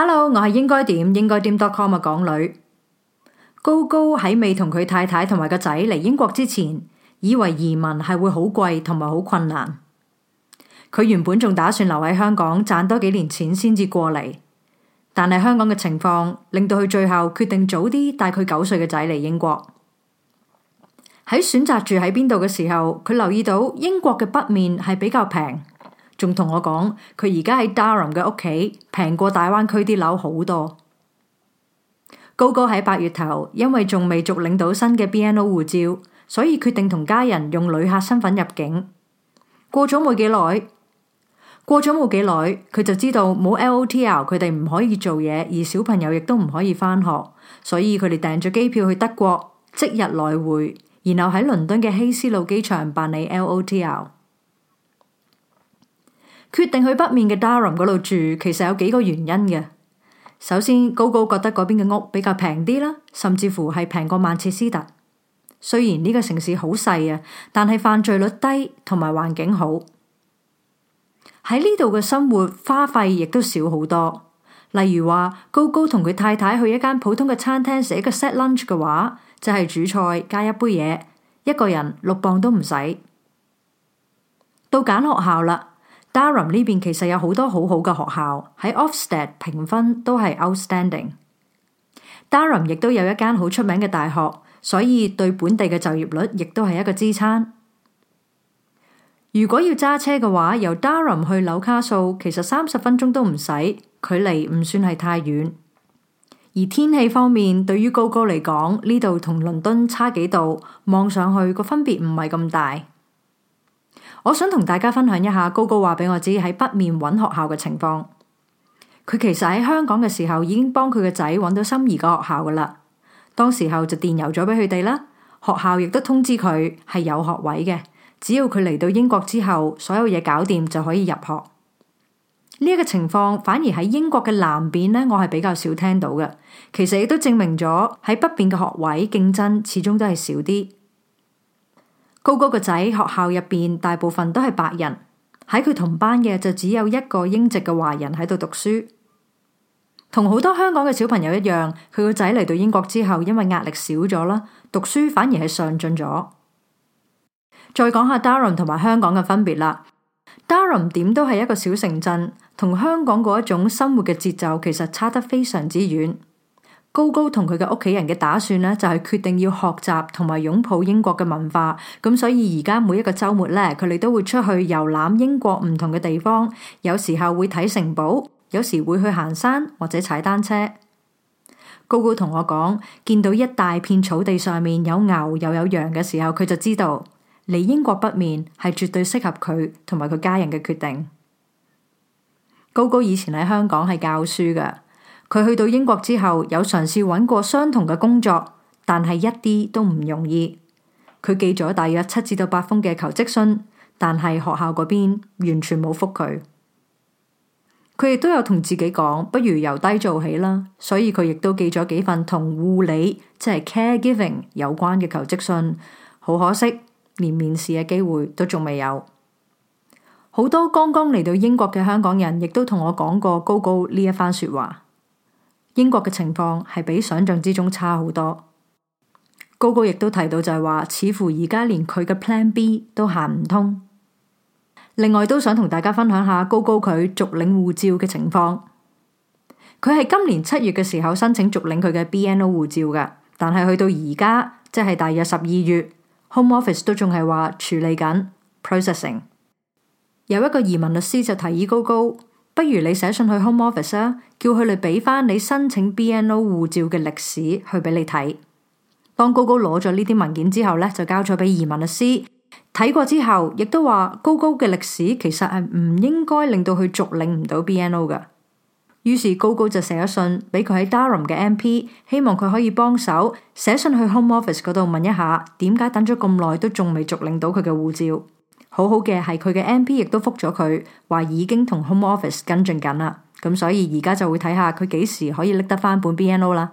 Hello，我係應該點應該點 .com 嘅港女高高喺未同佢太太同埋個仔嚟英國之前，以為移民係會好貴同埋好困難。佢原本仲打算留喺香港賺多幾年錢先至過嚟，但係香港嘅情況令到佢最後決定早啲帶佢九歲嘅仔嚟英國。喺選擇住喺邊度嘅時候，佢留意到英國嘅北面係比較平。仲同我講，佢而家喺 Darum 嘅屋企平過大灣區啲樓好多。高高喺八月頭，因為仲未續領到新嘅 BNO 護照，所以決定同家人用旅客身份入境。過咗冇幾耐，過咗冇幾耐，佢就知道冇 LOTR，佢哋唔可以做嘢，而小朋友亦都唔可以返學，所以佢哋訂咗機票去德國，即日來回，然後喺倫敦嘅希斯路機場辦理 LOTR。決定去北面嘅 Durham 嗰度住，其實有幾個原因嘅。首先，高高覺得嗰邊嘅屋比較平啲啦，甚至乎係平過曼徹斯特。雖然呢個城市好細啊，但係犯罪率低同埋環境好。喺呢度嘅生活花費亦都少好多。例如話，高高同佢太太去一間普通嘅餐廳食一個 set lunch 嘅話，就係主菜加一杯嘢，一個人六磅都唔使。到揀學校啦。Darham 呢邊其實有好多好好嘅學校，喺 Ofsted 評分都係 outstanding。Durham 亦都有一間好出名嘅大學，所以對本地嘅就業率亦都係一個支撐。如果要揸車嘅話，由 Durham 去紐卡素其實三十分鐘都唔使，距離唔算係太遠。而天氣方面，對於高哥嚟講，呢度同倫敦差幾度，望上去個分別唔係咁大。我想同大家分享一下高高話俾我知喺北面揾學校嘅情況。佢其實喺香港嘅時候已經幫佢個仔揾到心儀個學校噶啦，當時候就電郵咗俾佢哋啦。學校亦都通知佢係有學位嘅，只要佢嚟到英國之後，所有嘢搞掂就可以入學。呢一個情況反而喺英國嘅南邊咧，我係比較少聽到嘅。其實亦都證明咗喺北邊嘅學位競爭始終都係少啲。高高個仔學校入邊大部分都係白人，喺佢同班嘅就只有一個英籍嘅華人喺度讀書。同好多香港嘅小朋友一樣，佢個仔嚟到英國之後，因為壓力少咗啦，讀書反而係上進咗。再講下 Darren 同埋香港嘅分別啦，Darren 點都係一個小城鎮，同香港嗰一種生活嘅節奏其實差得非常之遠。高高同佢嘅屋企人嘅打算呢，就係決定要學習同埋擁抱英國嘅文化，咁所以而家每一個周末呢，佢哋都會出去遊覽英國唔同嘅地方，有時候會睇城堡，有時會去行山或者踩單車。高高同我講，見到一大片草地上面有牛又有羊嘅時候，佢就知道嚟英國北面係絕對適合佢同埋佢家人嘅決定。高高以前喺香港係教書嘅。佢去到英國之後，有嘗試揾過相同嘅工作，但係一啲都唔容易。佢寄咗大約七至到八封嘅求職信，但係學校嗰邊完全冇復佢。佢亦都有同自己講，不如由低做起啦。所以佢亦都寄咗幾份同護理即係 care giving 有關嘅求職信。好可惜，連面試嘅機會都仲未有。好多剛剛嚟到英國嘅香港人，亦都同我講過高高呢一番說話。英國嘅情況係比想象之中差好多。高高亦都提到就，就係話似乎而家連佢嘅 Plan B 都行唔通。另外都想同大家分享下高高佢續領護照嘅情況。佢係今年七月嘅時候申請續領佢嘅 BNO 護照嘅，但係去到而家即係大約十二月，Home Office 都仲係話處理緊 processing。有一個移民律師就提議高高。不如你寫信去 Home Office 啊，叫佢哋俾翻你申請 BNO 護照嘅歷史，去俾你睇。當高高攞咗呢啲文件之後咧，就交咗俾移民律師睇過之後，亦都話高高嘅歷史其實係唔應該令到佢續領唔到 BNO 嘅。於是高高就寫咗信俾佢喺 Durham 嘅 MP，希望佢可以幫手寫信去 Home Office 嗰度問一下，點解等咗咁耐都仲未續領到佢嘅護照。好好嘅係佢嘅 MP 亦都覆咗佢，話已經同 Home Office 跟進緊啦，咁所以而家就會睇下佢幾時可以拎得翻本 BNO 啦。